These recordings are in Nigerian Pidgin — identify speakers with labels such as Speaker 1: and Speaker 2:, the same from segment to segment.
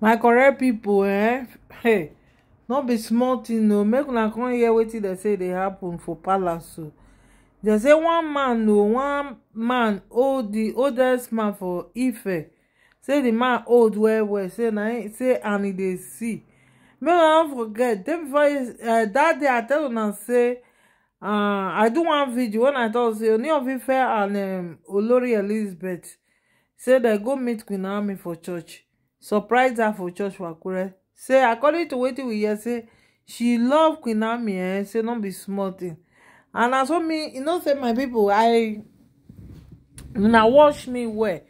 Speaker 1: my correct people, eh hey no be small thing. No, make una come hear wetin dem say dey happen for palace o oh. dem say one man o one man old the oldest man for ife say the man old well well say na say and e dey see make una no forget day before dat eh, day i tell una say uh, i do one video wen i tok say oni of ife and um, olori elizabeth say dem go meet queen army for church surprise her for church for akure say according to wetin we hear say she love queen naomi eh say no be small thing and as for me you know say my people i una watch me well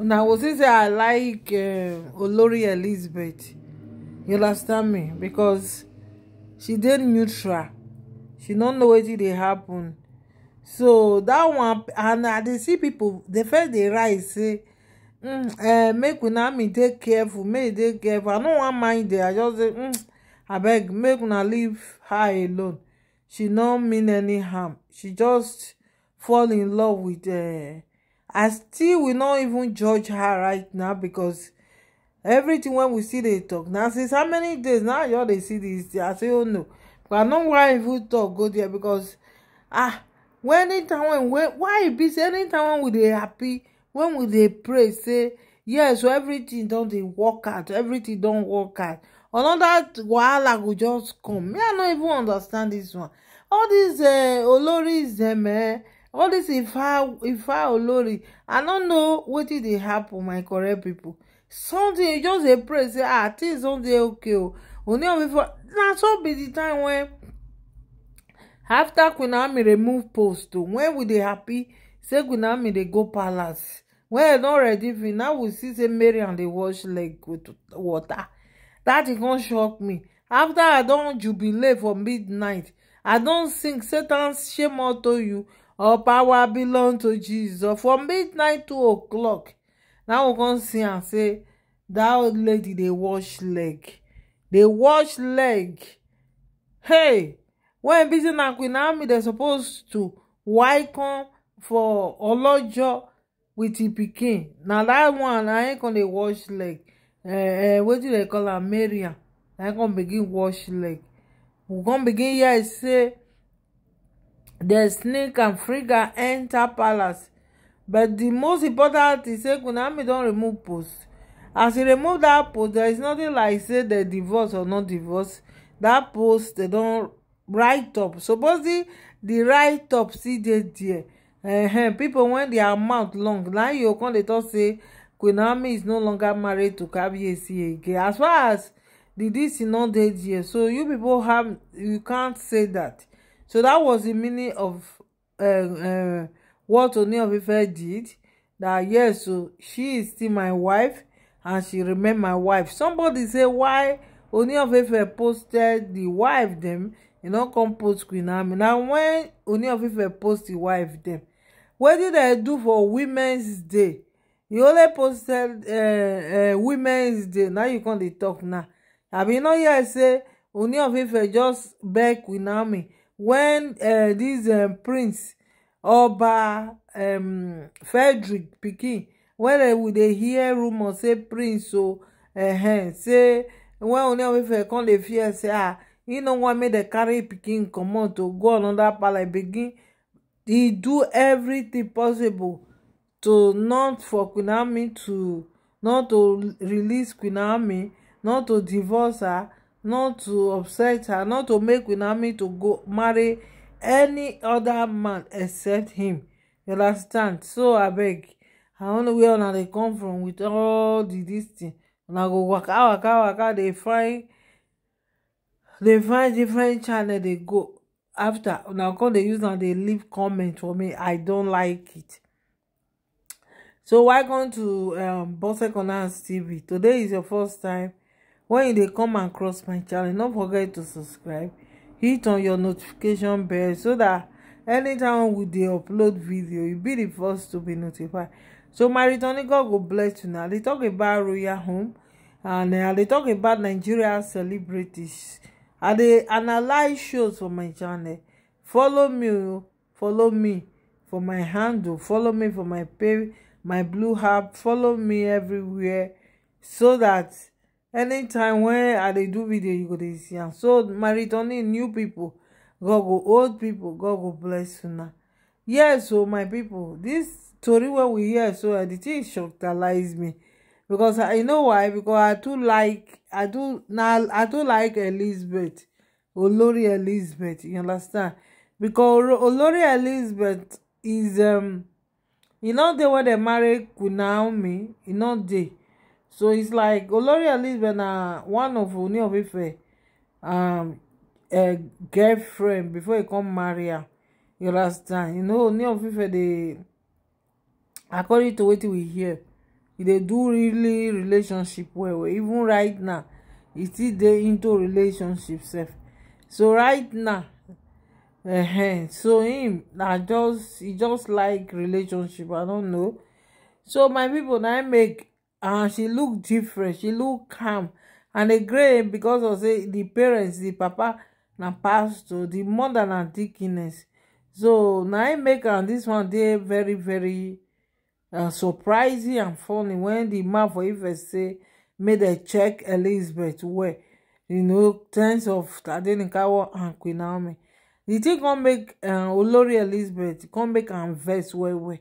Speaker 1: una go see say i like eh, olori elizabeth you understand me because she dey neutral she no know wetin dey happen so that one and i dey see people dey first dey rise. say Mm, eh, make una me dey careful make e dey careful i no wan mind her i just say mm, abeg make una leave her alone she no mean any harm she just fall in love with uh, i still we not even judge her right now because everything wey we still dey talk na since how many days now you all dey see dis i say oh no but i no why even talk go there because ah anytime when why e be say anytime when we dey happy When we dey pray say yes so everything don dey work out everything don work out another wahala go just come me i no even understand this one all dis eh, oloris dem eh all dis ifa ifa olori i no know wetin dey happen my correct people. something you just dey pray say ah things don dey okay o oh. oni before ifa na so be di time wen afta queen remove post o oh, wen we dey happy say queen ami dey go palace wen e don ready finish now we see say and dey wash leg with water that thing con shock me after i don jubilate for midnight i don sing satan shame all to you all power belong to jesus from midnight two o'clock now we con see am say that old lady dey wash leg dey wash leg hey when be say na queen naomi dey suppose to wycom for olojo wit im pikin na dat one na him come dey wash leg eh, eh wetin dem call am maria na him come begin wash leg we come begin hear say the snake and friga enter palace but the most important thing say kunami don remove post as e remove that post there is nothing like say they divorce or not divorce that post they don write up suppose the write up still dey there uh, pipo wen dia mouth long now you con dey tok say queen naomi is no longer married to kabiyesi again as far as the dis no dey there so you people have you can't say that so that was the meaning of uh, uh, what Ooni of did that yes so she is still my wife and she remain my wife somebody say why Ooni of posted the wife dem e no come post Queen Naomi na when Ooni of post the wife dem What did I do for women's day you only posted uh, uh, women's day now you can't talk now Have you no hear say Ooni of Ife just back with Naomi when uh, this um, prince Oba um, Frederick pikin when uh, we dey hear rumour say prince o so, uh, say when Ooni of Ife come the fear say ah you know what made the carry come on to go another palace begin e do everything possible to not for Kunami to not to release Kunami, not to divorce her not to upset her not to make Kunami to go marry any other man except him you understand so abeg i don't know where una dey come from with all the dis thing una go waka waka waka dey find dey find different channel dey go after now, come they use am they leave comment for me i don't like it so welcome to um Bose Corners TV today is your first time when you dey come and cross my channel Don't forget to subscribe hit on your notification bell so that anytime we they upload video you be the first to be notified so my returning God will bless you now They talk about royal home and uh, i talk about Nigeria celebrities i dey analyze shows for my channel follow me oh. follow me for my handle oh. follow me for my pay my blue hub. follow me everywhere so that anytime when i dey do video you go dey see am so my returning new people, god go old people. god go bless you now. yes so oh, my people, this story wey we hear so eh, the thing shocktalize me because i know why because i do like i do now. i do like elizabeth olori elizabeth you understand because olori elizabeth is um you know dey when they married with naomi You know they, so it's like olori elizabeth na one of oni of ife um a girlfriend before he come marry her. you understand you know oni of ife dey according to wetin we hear e dey do really relationship well well even right now e still dey into relationship sef so right now uh-huh. so him na just he just like relationship i don't know so my people, na make and ah, she look different she look calm and dey grey because of say the parents the papa na pastor the mother na deaconess so na make am this one dey very very Uh, surprising and funny when the man for ife say made a check elizabeth where you know tens of tadenikawa and queen naomi di tin come make uh, olori elizabeth come make and verse where where?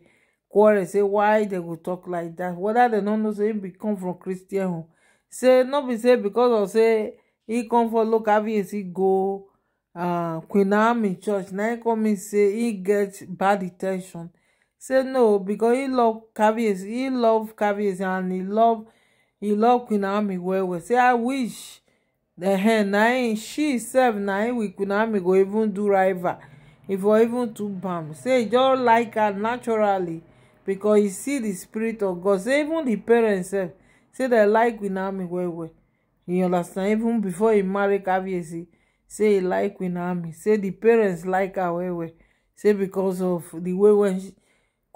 Speaker 1: quarrel say why they go talk like that. whether they don't know say he come from christian home say not be say because of say he come for follow caviarcy go uh queen naomi church Now he come and say he get bad attention say no because he love caviezi he love caviezi and he love he love queen naomi well well say i wish the hen na him she sef na him with queen naomi go even do rival if for even two bam say e just like her naturally because he see the spirit of god say even the parents sef say they like queen naomi well well you understand even before he marry caviezi say he like queen naomi say the parents like her well well say because of the way wen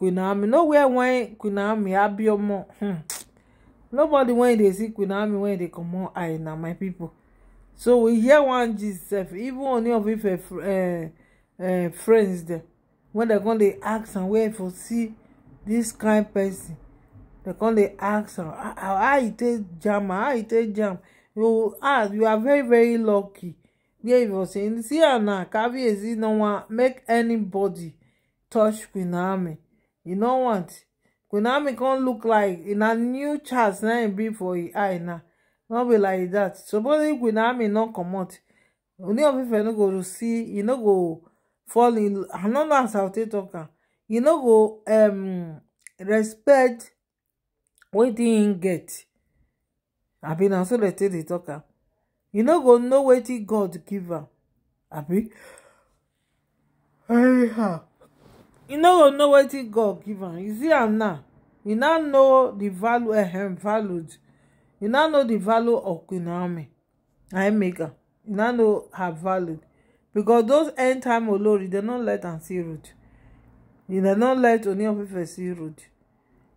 Speaker 1: queen naomi nowhere when queen naomi abiyomo hmm nobody when they see queen when they come, comot eye na my people. so we hear one gist even only of if uh, eh, eh, eh, friends dem wen dem come dey ask and where for see kind kain pesin dem come dey ask and how e take jam how e take jam you ask ah, you are very very lucky Yeah, you for saying, see am na kabiyesi no wan make anybody touch queen naomi you no want queen army con look like na new chance na im be for im eye na be like dat if queen army no comot only of ife no go see e no go fall in i no know as i take talk am e no go um, respect wetin im get abi na also let take dey talk am e no go know wetin god give am abi anyhow You no go know wetin god give am you see am now You now know the value ehem valued You now know the value of queen naomi na im make am e now know her value because those end time olori dem no let am see road dem no let oni of ife see road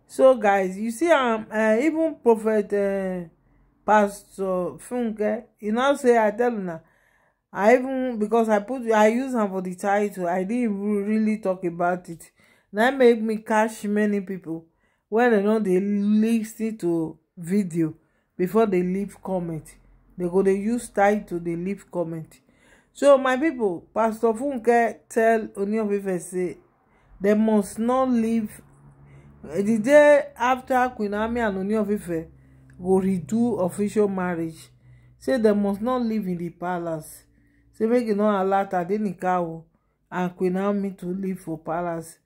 Speaker 1: so guys you see am eh, even prophet eh, pastor funke You now say i tell una i even because i put i use am for the title i didn't really talk about it That made me catch many people. wey they know they listen to video before they leave comment They go They use title They leave comment so my people, pastor funke tell oni of say they must not leave the day after queen ami and oni of ife go redo official marriage say they must not live in the palace say make you no alert adenika o and queen naomi to live for palace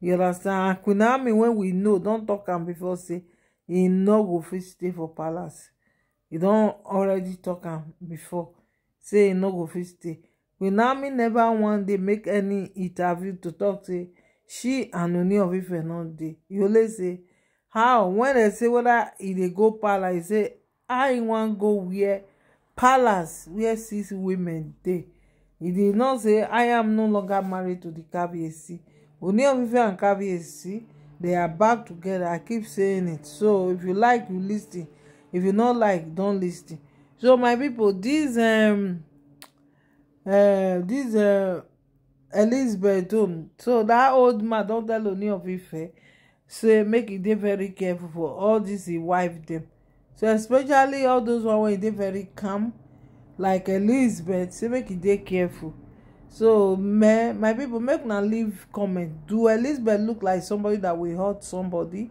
Speaker 1: you understand and queen naomi when we know Don't talk am before say he no go fit stay for palace He don already talk am before say he no go fit stay queen naomi never one day make any interview to talk say she and oni of ife no dey e only say how when dem say weda e dey go palace e say how e wan go where palace Where six women dey e dey know say i am no longer married to the kabiyesi oni of ife and kabiyesi they are back together i keep saying it so if you like you lis ten if you no like don lis ten so my people, this um, uh, this uh, elizabeth own so that old man don tell oni of ife say make e dey very careful for all dis e wife dem so especially all those one wey e dey very calm like elizabeth say make e dey careful so my people make una leave comment do elizabeth look like somebody that will hurt somebody